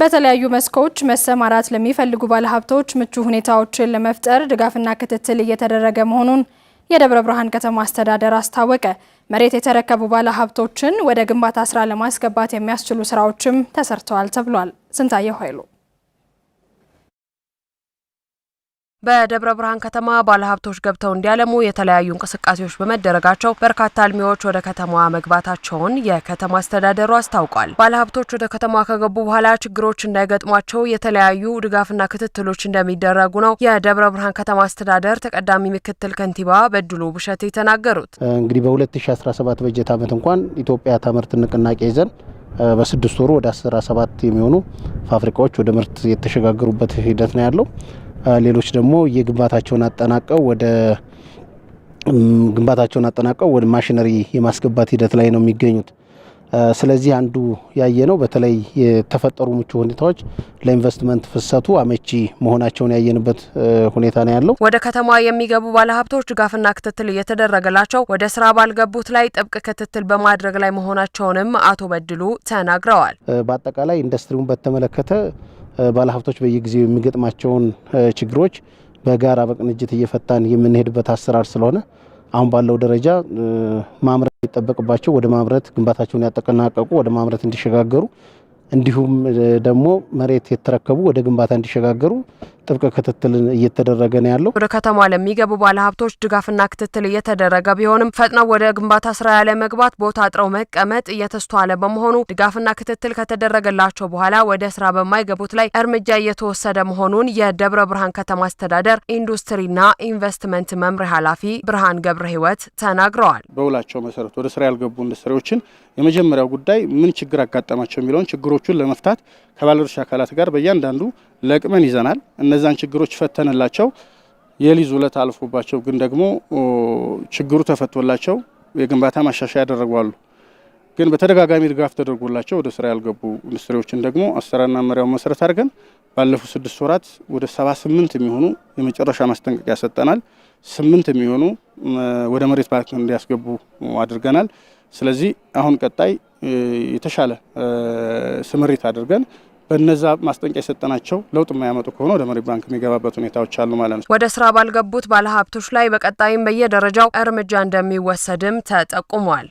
በተለያዩ መስኮች መሰማራት ለሚፈልጉ ባለሀብቶች ምቹ ሁኔታዎችን ለመፍጠር ድጋፍና ክትትል እየተደረገ መሆኑን የደብረ ብርሃን ከተማ አስተዳደር አስታወቀ። መሬት የተረከቡ ባለሀብቶችን ወደ ግንባታ ስራ ለማስገባት የሚያስችሉ ስራዎችም ተሰርተዋል ተብሏል። ስንታየሁ ኃይሉ በደብረ ብርሃን ከተማ ባለሀብቶች ገብተው እንዲያለሙ የተለያዩ እንቅስቃሴዎች በመደረጋቸው በርካታ አልሚዎች ወደ ከተማዋ መግባታቸውን የከተማ አስተዳደሩ አስታውቋል። ባለሀብቶች ወደ ከተማዋ ከገቡ በኋላ ችግሮች እንዳይገጥሟቸው የተለያዩ ድጋፍና ክትትሎች እንደሚደረጉ ነው የደብረ ብርሃን ከተማ አስተዳደር ተቀዳሚ ምክትል ከንቲባ በድሉ ብሸት የተናገሩት። እንግዲህ በ2017 በጀት ዓመት እንኳን ኢትዮጵያ ታምርት ንቅናቄ ይዘን በስድስት ወሩ ወደ 17 የሚሆኑ ፋብሪካዎች ወደ ምርት የተሸጋገሩበት ሂደት ነው ያለው ሌሎች ደግሞ የግንባታቸውን አጠናቀው ወደ ግንባታቸውን አጠናቀው ወደ ማሽነሪ የማስገባት ሂደት ላይ ነው የሚገኙት። ስለዚህ አንዱ ያየ ነው በተለይ የተፈጠሩ ምቹ ሁኔታዎች ለኢንቨስትመንት ፍሰቱ አመቺ መሆናቸውን ያየንበት ሁኔታ ነው ያለው። ወደ ከተማ የሚገቡ ባለሀብቶች ድጋፍና ክትትል እየተደረገላቸው ወደ ስራ ባልገቡት ላይ ጥብቅ ክትትል በማድረግ ላይ መሆናቸውንም አቶ በድሉ ተናግረዋል። በአጠቃላይ ኢንዱስትሪውን በተመለከተ ባለሀብቶች በየጊዜው የሚገጥማቸውን ችግሮች በጋራ በቅንጅት እየፈታን የምንሄድበት አሰራር ስለሆነ አሁን ባለው ደረጃ ማምረት የሚጠበቅባቸው ወደ ማምረት ግንባታቸውን ያጠናቀቁ ወደ ማምረት እንዲሸጋገሩ እንዲሁም ደግሞ መሬት የተረከቡ ወደ ግንባታ እንዲሸጋገሩ ጥብቅ ክትትል እየተደረገ ነው ያለው። ወደ ከተማ ለሚገቡ ባለሀብቶች ድጋፍና ክትትል እየተደረገ ቢሆንም ፈጥነው ወደ ግንባታ ስራ ያለ መግባት፣ ቦታ አጥረው መቀመጥ እየተስተዋለ በመሆኑ ድጋፍና ክትትል ከተደረገላቸው በኋላ ወደ ስራ በማይገቡት ላይ እርምጃ እየተወሰደ መሆኑን የደብረ ብርሃን ከተማ አስተዳደር ኢንዱስትሪና ኢንቨስትመንት መምሪያ ኃላፊ ብርሃን ገብረ ህይወት ተናግረዋል። በውላቸው መሰረት ወደ ስራ ያልገቡ ኢንዱስትሪዎችን የመጀመሪያው ጉዳይ ምን ችግር አጋጠማቸው የሚለውን ችግሮቹን ለመፍታት ከባለድርሻ አካላት ጋር በእያንዳንዱ ለቅመን ይዘናል። እነዛን ችግሮች ፈተንላቸው የሊዝ ውለት አልፎባቸው ግን ደግሞ ችግሩ ተፈቶላቸው የግንባታ ማሻሻያ ያደረጉ አሉ። ግን በተደጋጋሚ ድጋፍ ተደርጎላቸው ወደ ስራ ያልገቡ ኢንዱስትሪዎችን ደግሞ አሰራርና መሪያው መሰረት አድርገን ባለፉት ስድስት ወራት ወደ ሰባ ስምንት የሚሆኑ የመጨረሻ ማስጠንቀቂያ ሰጠናል። ስምንት የሚሆኑ ወደ መሬት ባክ እንዲያስገቡ አድርገናል። ስለዚህ አሁን ቀጣይ የተሻለ ስምሪት አድርገን በነዛ ማስጠንቂያ የሰጠናቸው ለውጥ የማያመጡ ከሆነ ወደ መሪ ባንክ የሚገባበት ሁኔታዎች አሉ ማለት ነው። ወደ ስራ ባልገቡት ባለሀብቶች ላይ በቀጣይም በየደረጃው እርምጃ እንደሚወሰድም ተጠቁሟል።